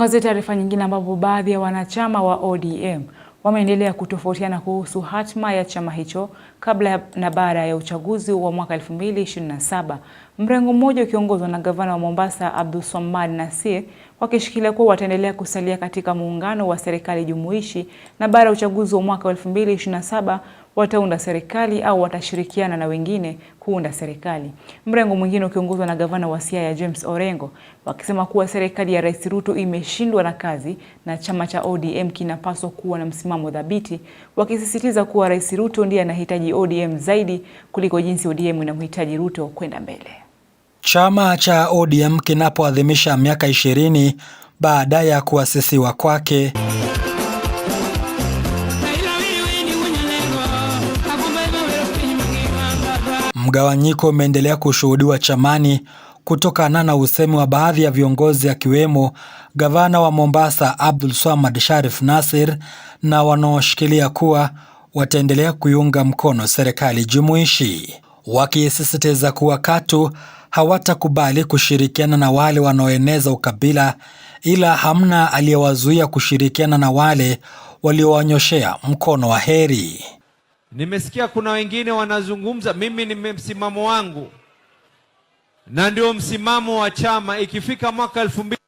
Angazia taarifa nyingine ambapo baadhi ya wanachama wa ODM wameendelea kutofautiana kuhusu hatma ya chama hicho kabla na baada ya uchaguzi wa mwaka 2027. Mrengo mmoja ukiongozwa na gavana wa Mombasa Abdulswamad Nassir wakishikilia kuwa wataendelea kusalia katika muungano wa serikali jumuishi na baada ya uchaguzi wa mwaka 2027 wataunda serikali au watashirikiana na wengine kuunda serikali. Mrengo mwingine ukiongozwa na gavana wa Siaya James Orengo wakisema kuwa serikali ya Rais Ruto imeshindwa na kazi na chama cha ODM kinapaswa kuwa na msimamo dhabiti, wakisisitiza kuwa Rais Ruto ndiye anahitaji ODM zaidi kuliko jinsi ODM inamhitaji Ruto kwenda mbele. Chama cha ODM kinapoadhimisha miaka ishirini baada ya kuasisiwa kwake Mgawanyiko umeendelea kushuhudiwa chamani kutokana na usemi wa baadhi ya viongozi akiwemo gavana wa Mombasa Abdul Swamad Sharif nasir na wanaoshikilia kuwa wataendelea kuiunga mkono serikali jumuishi, wakisisitiza kuwa katu hawatakubali kushirikiana na wale wanaoeneza ukabila, ila hamna aliyewazuia kushirikiana na wale waliowanyoshea mkono wa heri. Nimesikia kuna wengine wanazungumza, mimi ni msimamo wangu na ndio msimamo wa chama. Ikifika mwaka elfu mbili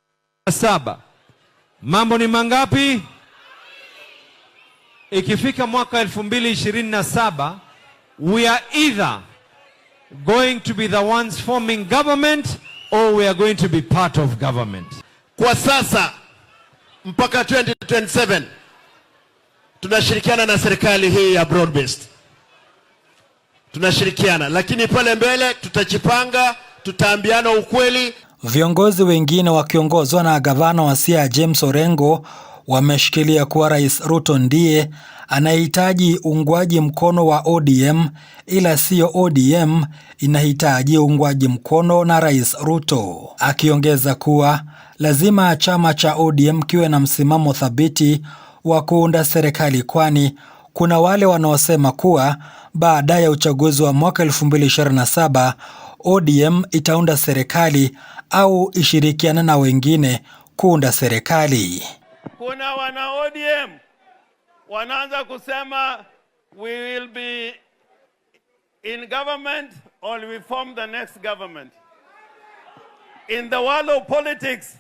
na saba mambo ni mangapi? Ikifika mwaka elfu mbili ishirini na saba we are either going to be the ones forming government or we are going to be part of government. Kwa sasa mpaka 2027 tunashirikiana na serikali hii ya broad based, tunashirikiana lakini pale mbele tutajipanga, tutaambiana ukweli. Viongozi wengine wakiongozwa na gavana wa Siaya James Orengo wameshikilia kuwa Rais Ruto ndiye anayehitaji uungwaji mkono wa ODM, ila siyo ODM inahitaji uungwaji mkono na Rais Ruto, akiongeza kuwa lazima chama cha ODM kiwe na msimamo thabiti wa kuunda serikali kwani kuna wale wanaosema kuwa baada ya uchaguzi wa mwaka 2027 ODM itaunda serikali au ishirikiana na wengine kuunda serikali. Kuna wana ODM wanaanza kusema we will be in government or we form the next government. In the world of politics,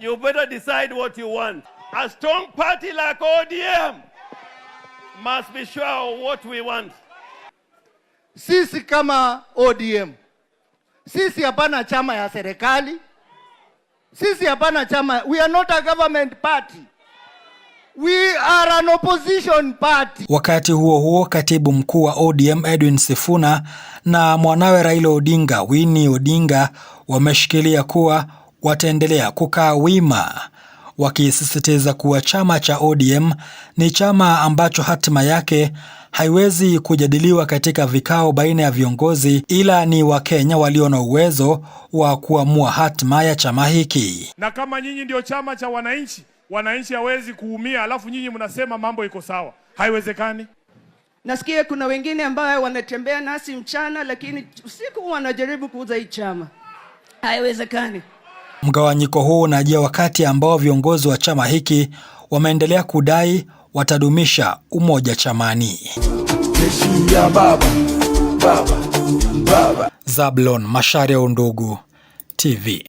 you better decide what you want. A strong party like ODM must be sure of what we want. Sisi kama ODM, sisi hapana chama ya serikali, sisi hapana chama. We are not a government party. We are an opposition party. Wakati huo huo, katibu mkuu wa ODM Edwin Sifuna na mwanawe Raila Odinga Winnie Odinga wameshikilia kuwa wataendelea kukaa wima wakisisitiza kuwa chama cha ODM ni chama ambacho hatima yake haiwezi kujadiliwa katika vikao baina ya viongozi, ila ni Wakenya walio na uwezo wa kuamua hatima ya chama hiki. Na kama nyinyi ndio chama cha wananchi, wananchi hawezi kuumia, alafu nyinyi mnasema mambo iko sawa, haiwezekani. Nasikia kuna wengine ambayo wanatembea nasi mchana, lakini usiku wanajaribu kuuza hii chama, haiwezekani. Mgawanyiko huu unajia wakati ambao viongozi wa chama hiki wameendelea kudai watadumisha umoja chamani. Baba, mashare ya Zablon Macharia, Undugu TV.